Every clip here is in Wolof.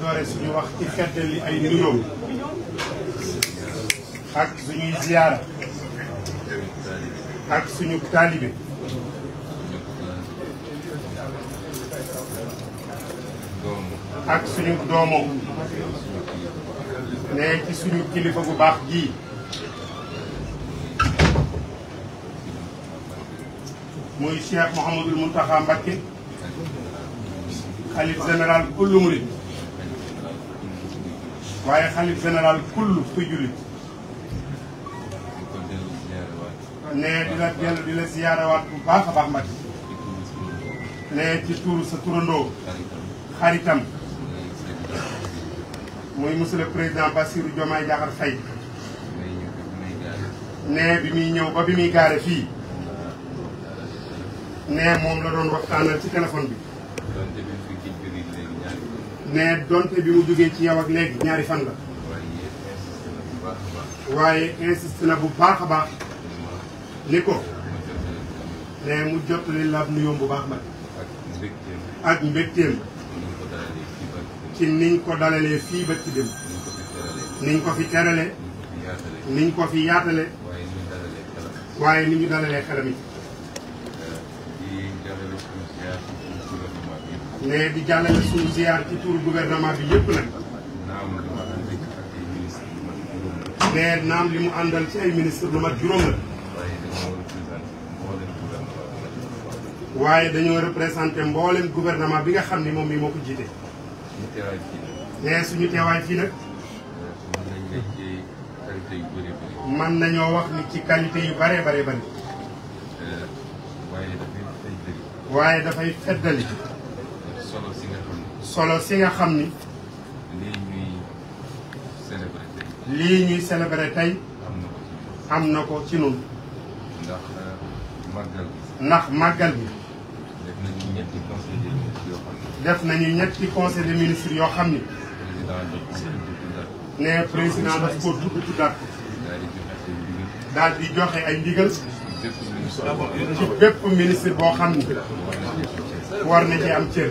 doore suñu wax ci feddali ay nuyoo ak suñuy ziyaara ak suñu taalibe ak suñu doomoo ne ci suñu kilifa bu baax gii muy Cheikh Mouhamadul Mountakha Mbacké xalif général kullu murid waaye xalif général kull kuy jullit. ne di la dellu di bu baax a baax Mbacke. ne ci tuuru sa turandoo. xaritam. muy monsieur président Bassirou Diomaye Diakhar Faye. ne bi muy ñëw ba bi muy gaare fii. ne moom la doon waxtaanal ci téléphone bi. ne donte bi mu jógee ci yow ak léegi ñaari fan la. waaye insiste na bu baax a baax. ni ko. ne mu jottali laab nuyoom bu baax ma ak mbégteem. ci niñ ko dalalee fii ba ci dem. niñ ko fi terale niñ ko fi yaatale. waaye ni ñu dalalee xelam yi. mais di jàllale suñu ziar ci turu gouvernement bi yëpp nag. mais naam li mu àndal ci ay ministre lu mat juróom la. waaye dañoo représenté mboolem gouvernement bi nga xam ni moom mi moo ko jiite. mais suñu teewaay fii nag. man nañoo wax ni ci qualité yu bare bare bari. waaye dafay feddali. waaye solo si nga xam ni. lii ñuy célébrer tey. am na ko ci ñun. ndax euh, màggal bi. def nañu ñetti conseil des ministres yoo xam ñetti conseil yoo xam ni. ne président daf ko tudd tuddaat ko. daal di joxe ay ndigal. ci bépp ministre boo xam ni. war na ci am cër.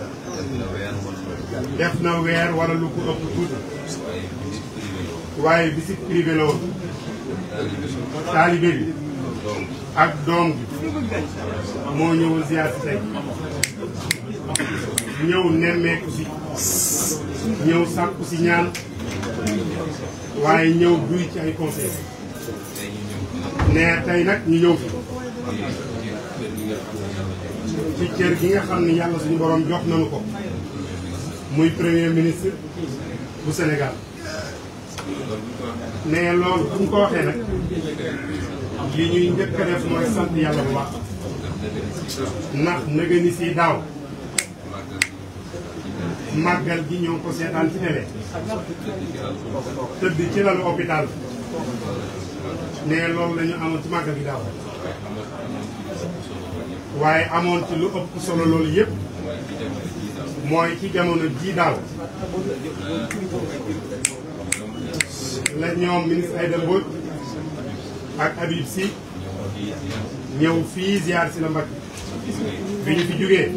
def na weer wala lu ko ëpp tuuti waaye visite privée la woon bi ak doom bi moo ñëw ziar si tey ñëw nemmeeku si ñëw sàkku si ñaan waaye ñëw duy ci ay conseil ne tey nag ñu ñëw fi ci gi nga xam ne yàlla suñu borom jox nañu ko muy premier ministre bu Sénégal mais loolu bu ñu ko waxee nag li ñuy njëkk a def mooy sant yàlla bu baax ndax nëgë ni si daaw màggal gi ñoo ko seetaan ci télé tëdd ci lalu hôpital mais loolu la ñu amoon ci màggal gi daaw waaye amoon ci lu ëpp solo loolu yëpp. mooy ci jamono jii daaw la ñoom ministre Aïda Mbodj ak Habib Sy ñëw fii ziar si la Mbacke bi ñu fi jógee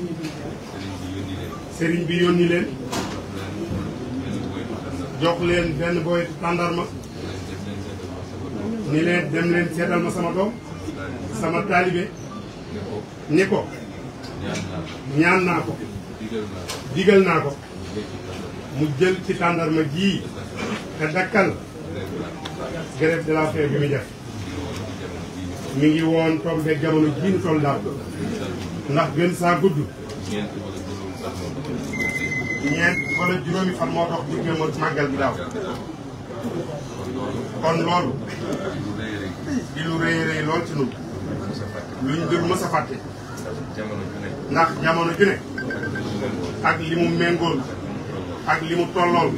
sëriñ bi yónni leen jox leen benn booy tàndarma ni leen dem leen seetal ma sama doom sama taalibe ni ko ñaan naa ko digal naa ko mu jël ci tàndarma ji te dakkal grève de la faim bi mu def mi ngi woon tombe jamono ji ñu toll daal ndax gën saa gudd ñeent wala juróomi fan moo tax bu gëmoon màggal bi daaw kon loolu di lu rëy rëy lool ci ñun luñ dul mës fàtte ndax jamono ju ne ak li mu méngool ak li mu tollool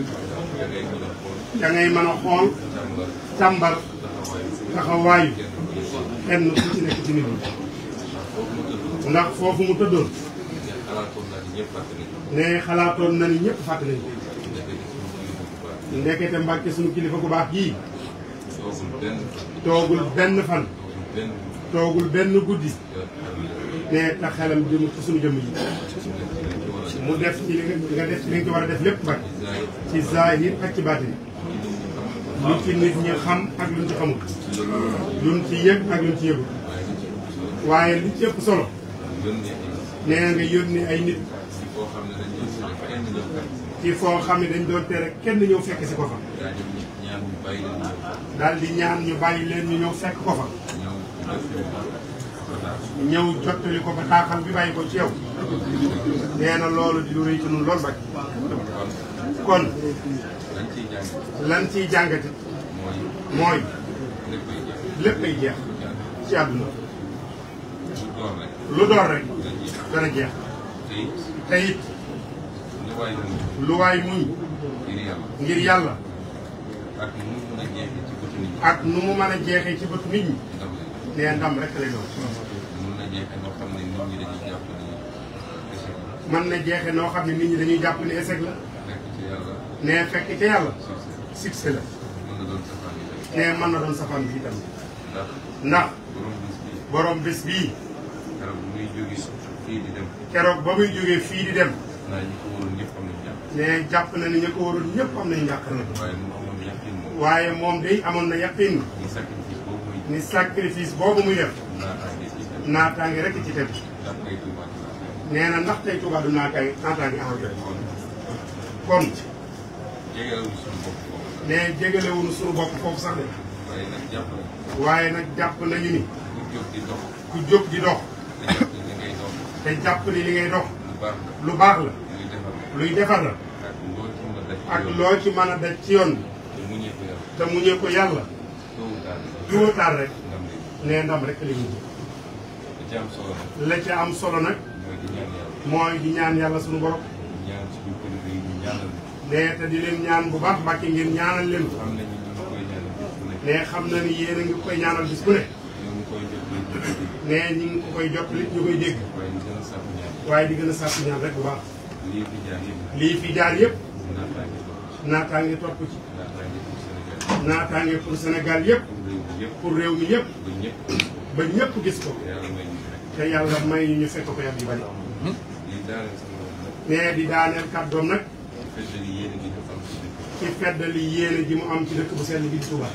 da ngay a xool càmbar taxawaayu kenn ku ci nekk ci nit ndax foofu mu tëddoon ne xalaatoon na ni ñëpp fàttali nañ ko ndekete mbàkke suñu kilifa gu baax gii toogul benn fan toogul benn guddi ne te xelam ci suñu jëmm yi mu def ci li nga def ci li nga war a def lépp nag ci zahir ak ci baatin lu ci nit ñi xam ak luñ ci xamul luñ ci yëg ak luñ ci yëgul waaye li ci ëpp solo nee na nga yónni ay nit ci foo xam ne dañ doon tere kenn ñëw fekk si ko fa daal di ñaan ñu bàyyi leen ñu ñëw fekk ko fa ñëw jottali ko ba bi bàyyi ko ci yow nee na loolu di lu rëy ci nun loolu ba kon lan ciy jàngate mooy léppay jeex ci àdduna lu door rek dana jeex te lu waay muñ ngir yàlla ak nu mu mën a jeexee ci bët nit ñi nee ndam rek lay doon man na jeexe noo xam ne nit ñi dañuy jàpp ne échec la ne fekk yàlla succès la ne mën na doon safaan bi itam ndax borom bés bii keroog ba muy jógee fii di dem ne jàpp na ni ñu ko waroon ñëpp am nañu njàqar waaye moom day amoon na yaqin ni sacrifice boobu muy def naataange rek ci tegu nee na ndax tey Touba du naa kay en tant que engrais. kon. nee suñu bopp foofu sax de. waaye nag jàpp nañu ni. ku jóg di dox. te jàpp ni li ngay dox. lu baax la. luy defar la. ak loo ci mën a daj ci yoon bi. te muñee ko yàlla. duwataal rek. nee ndam rek li ñu la ca am solo nag. mooy di ñaan yàlla suñu borom. nee te di leen ñaan bu baax Mbàkke ngeen ñaanal leen ko. nee xam na ni yéen a ngi koy ñaanal bis bu ne. nee ñu ngi koy jot li ñu koy dégg. waaye di gën a sàpp ñaan rek bu baax. lii fi jaar yëpp. naataange topp ci. naataange pour Sénégal yëpp. pour réew mi yëpp. ba ñëpp gis ko. te yàlla may ñu ñu fekk ko yàgg yu bari. mais di daaneel kàddoom nag. ci feddali yéene ji mu am ci dëkk bu sell bi di Touba.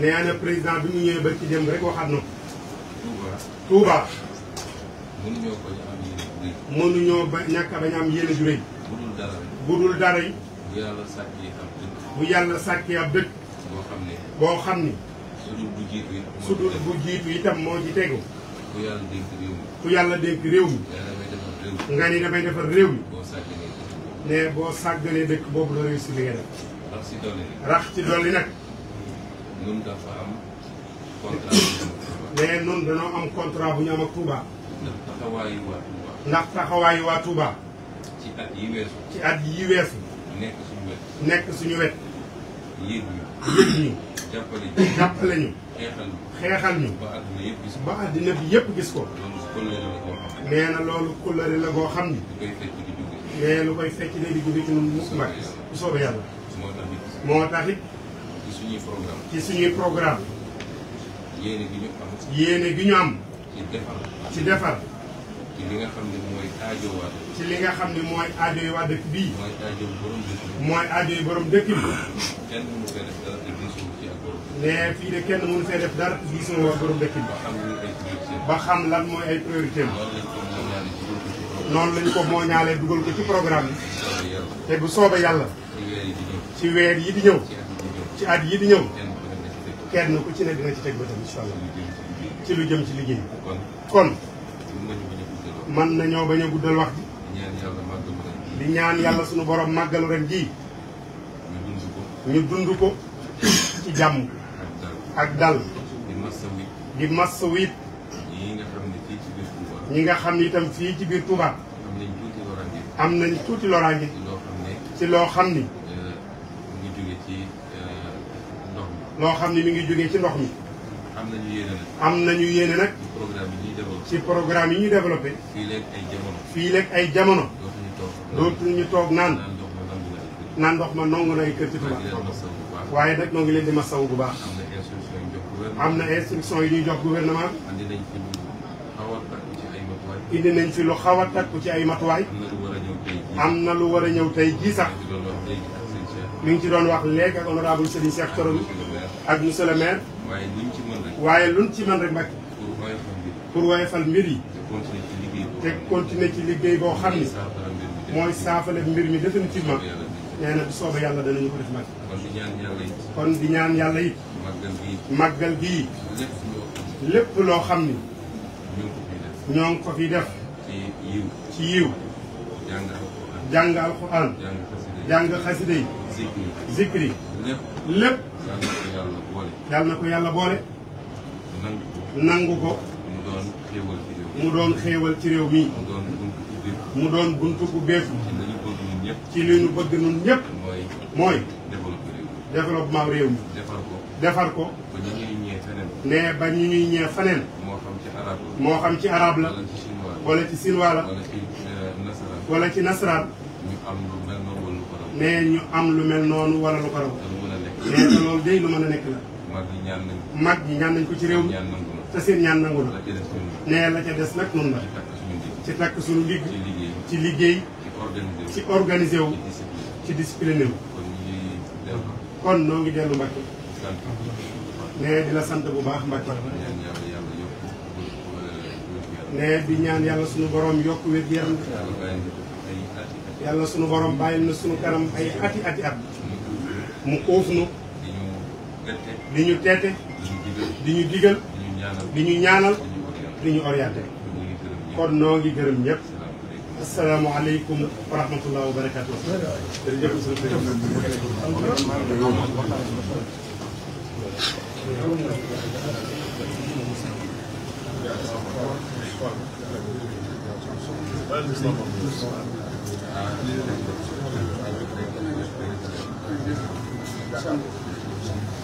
nee président bi mu ñëwee ba ci dem rek waxaat na ko. mënuñoo ñàkk a yéene ju bu dul dara yi. bu yàlla sàkkee ab dëkk. boo xam ne. sudul bu jiitu itam. sudul bu ci tegu. ku yàlla dénk réew mi. nga ni damay defar réew mi. ne boo sàgganee dëkk boobu la réussir li nga nag. rax ci dolli nag. ñun dafa am contrat bu ñu am. contrat bu ñu am ak Touba. ndax taxawaayu waa Touba. ci at yi weesu. ci at yi weesu. nekk suñu wet. yëg ñu. jàppale ñu xeexal ñu ba àddina yëpp gis ko gis ko. nee na loolu kóllëre la goo xam ni. nee lu koy fecc day di guddi ci ñun mukk nag yàlla. moo tax ci suñuy programme yéene gi ñu am. ci defar. ci li nga xam ne mooy aajowaat. ci li nga dëkk bii. mooy aajow borom dëkk bi. mooy aajow borom dëkk dëkk bi. mais fii de kenn mënu fee def dara te gisoo ak borom dëkk bi. ba xam lan mooy ay priorité noonu lañ ko moo dugal ko ci programme bi. te bu soobee yàlla. ci weer yi di ñëw. ci at yi di ñëw. kenn ku ci ne dina ci teg bëtam incha allah. ci lu jëm ci liggéey kon. mën nañoo bañ a guddal wax ji. di ñaan yàlla sunu borom màggalu ren jii. ñu dund ko. ci jàmm. ak dal. di mas wit. ñi nga xam ne fii ci biir Touba. ñi nga xam fii ci biir Touba. nañ tuuti loraange. ci loo xam ni. loo xam ne euh, euh, mi ngi jóge ci ndox ngi jóge ci ndox mi. am nañu yéene am nañu yéene nag. ci programme yi ñuy développé. ci fii léeg ay jamono. fii léeg toog naan. naan ndox ma nongu nay kër ci Tuubaa. waaye nag noo ngi leen di masawu bu baax. am na instruction yi ñuy jox gouvernement. indi nañ fi lu xaw takku ci ay matuwaay. lu xaw a takku ci ay matuwaay. am na lu war a ñëw tey jii sax. mi ngi ci doon wax léegi ak honorable Serigne Cheikh ak monsieur le waaye luñ ci man rek mbàkk. pour woyofal mbir yi. te continuer ci liggéey boo xam ni mooy saafale mbir mi définitivement nee na bu sooba yàlla danañu ko def mag kon di ñaan yàlla it màggal gii lépp loo xam ni ñoo ngi ko fi def ci yiw jàng alxuraan jàng xasida yi zikri lépp yàlla na ko yàlla boole nangu ko. nangu ko. mu doon xéewal ci réew mi. mu doon xéewal ci réew mi. mu buntu ubbeeku. mu ci li ñu bëgg ñun ñëpp. mooy. mooy. développement réew mi. ko. defar ko. ba ba ñu ñuy ñee feneen. moo xam ci arab la. moo xam ci arab la. wala ci sinwaa la. wala euh, nasaraan. wala ñu am lu mel noonu wala lu ko raw. mais ko loolu day lu mën a nekk la. mag ñi ñaan nañ ko. ci réew mi ñaan nangu na. te seen ñaan nangu na. nee la ca des nag nun la. ci takk suñu ndigg ci liggéey. ci organisé ci discipliné kon noo ngi dellu Mbacke. nee di la sant bu baax Mbacke. nee di ñaan yàlla suñu borom yokk wér gu yaram. yàlla suñu borom bàyyil na suñu kanam ay ati ati at. mu óof nu. di ñu teete di ñu digal di ñu ñaanal di ñu orienté kon noo ngi gërëm ñëpp asalaamaaleykum wa rahmatullah wa barakatu jërëjëf Thank you.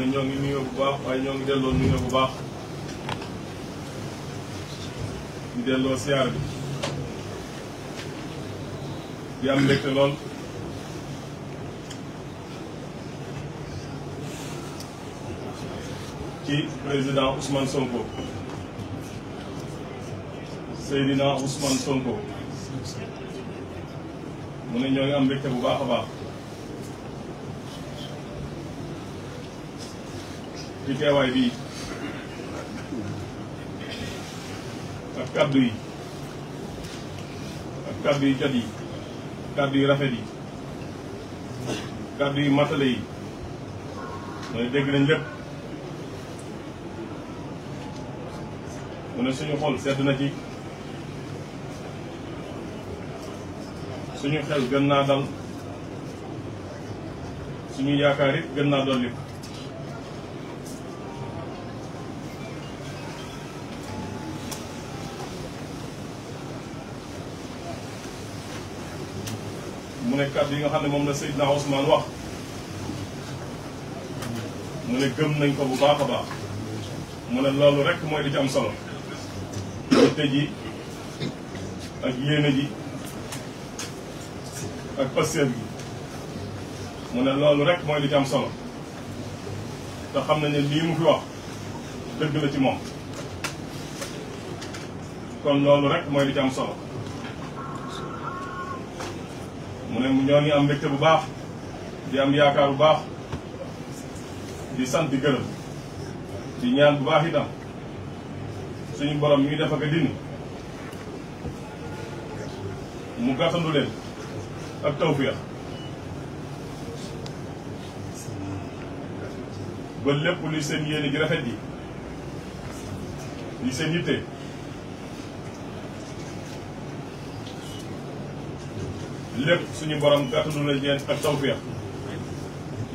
ne ñoo ngi nuyoo bu baax waaye ñoo ngi delloo nuyoo bu baax ñu delloo siyaar bi di am mbégte lool ci président Ousmane Sonko Seydina Ousmane Sonko mu ne ñoo ngi am mbégte bu baax a baax ci teewaay bii ak kaddu yi ak kaddu yi jot yi kaddu yi rafet yi kaddu yi matale yi mooy dégg nañ lépp mu suñu xol sedd na ci suñu xel gën naa dal suñu yaakaar it gën naa dolli ne kàddu yi nga xam ne moom la Seydina Ousmane wax mu ne gëm nañ ko bu baax a baax mu ne loolu rekk mooy di ci am solo yitte ji ak yéene ji ak passeer gi mu ne loolu rek mooy li ci te xam nañ ne lii mu fi wax dëgg la ci moom kon loolu rek mooy li ci am solo mu ne ñoo ngi am mbégte bu baax di am yaakaar bu baax di sant di gërëm di ñaan bu baax itam suñu borom mi ngi ak a dindi mu gàttandu leen ak tawfeex ba lépp li seen yéene ji rafet ji li seen yitte lépp suñu borom kàttanu la leen ak tawféex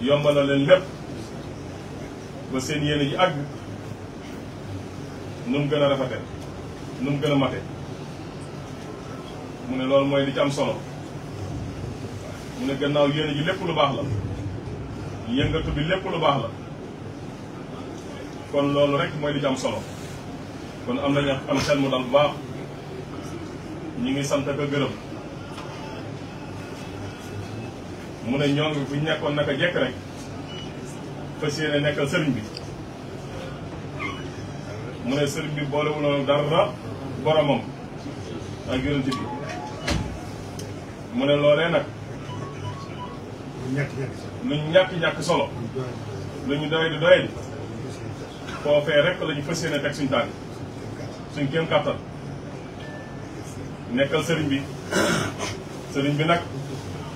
yombal na leen lépp ba seen yéene ji àgg nu mu gën a rafete nu mu gën a mate mu ne loolu mooy li ci am solo mu ne gannaaw yéene ji lépp lu baax la yëngatu bi lépp lu baax la kon loolu rek mooy li ci am solo kon am nañu am xel mu dal bu baax ñu ngi sant ak a gërëm mu ne ñoom bi fu ñu nekkoon naka jekk rek fas yéene nekkal sëriñ bi mu ne sëriñ bi boolewuloon dara boromam ak yonent bi mu ne loolee nag lu ñu ñàkk-ñàkk solo lu ñu doy di doy foofee rek la ñu fas yéene teg suñu tànk suñ kéem kàttan nekkal sëriñ bi sëriñ bi nag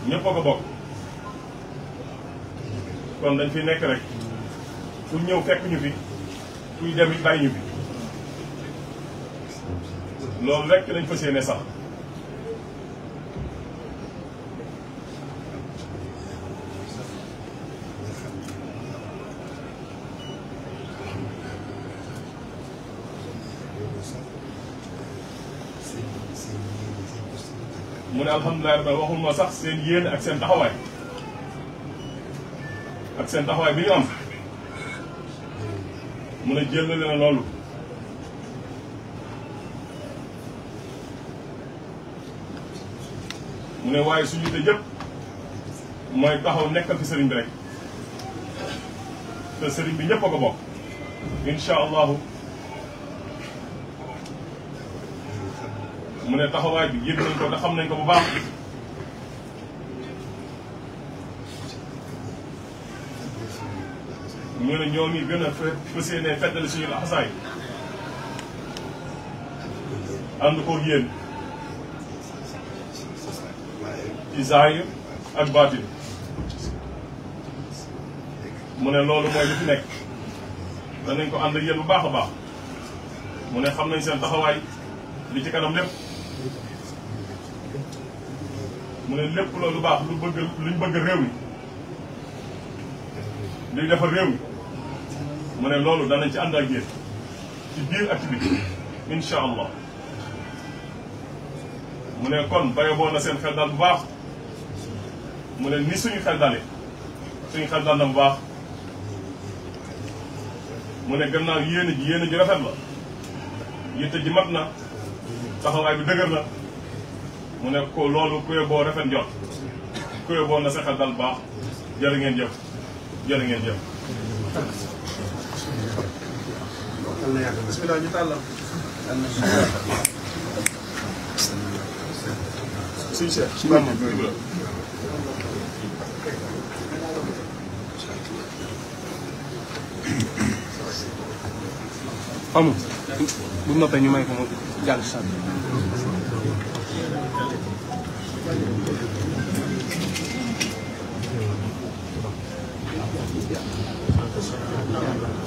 ñëpp a bokk كون دا نفي نيك رك فو نييو فك نيو في في لول رك لا نفسي ني صاح من الحمد لله رب ak seen taxawaay bi ñu am mun a jëlale na loolu mu ne waaye suñu te jëpp mooy taxaw nekkal fi sëriñ bi rek te sëriñ bi ñëpp a ko bokk incha allahu mu ne taxawaay bi yëg nañ ko te xam nañ ko bu baax ñu ne ñoom yi gën a fas la feddali suñu laxasaay ànd koog yéen yi zaahir ak baatin mu ne loolu mooy li fi nekk danañ ko ànd ak yéen bu baax a baax mu ne xam nañ seen taxawaay li ci kanam lépp mu ne lépp loolu baax lu bëgg luñ bëgg réew mi luy defar réew mi mu ne loolu danañ ci ànd ak yéen ci biir activité incha allah mu ne kon bayoboo na seen xel daal bu baax mu ne ni suñu xel dalee suñu xel daal na bu baax mu ne gannaaw yéene ji yéene ji rafet la yitte ji mat na taxawaay bi dëgër na mu ne ko loolu kuye boo rafet njot kuye boo na sa xel daal baax jërë ngeen jëf jërë ngeen jëf yàlla na yàgg bismillah ñu tàllal suñu seex amul bu noppee ñu may ko mu jàll sant Thank you.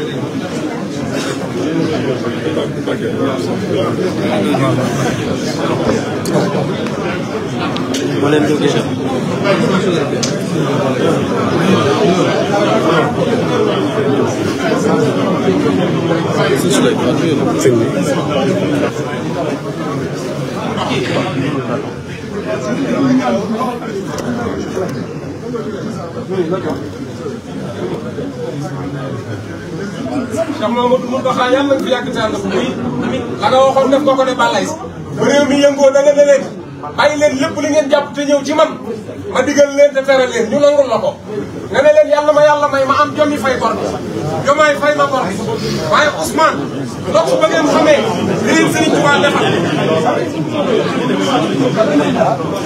Valeu, m e Deus. i m Thank you. ndax moom mu doxaa yàlla fi yàgg tànn muy la nga waxoon def nga ko ne bàllaay si bu réew mi yëngoo da nga leen bàyyi lépp li ngeen jàpp te ñëw ci man ma digal leen te tere leen ñu nangul la ko nga yàlla ma yàlla may ma am jommi fay bor jomaay fay ma bor waaye Ousmane ndox ba ngeen xamee li leen Serigne Touba defal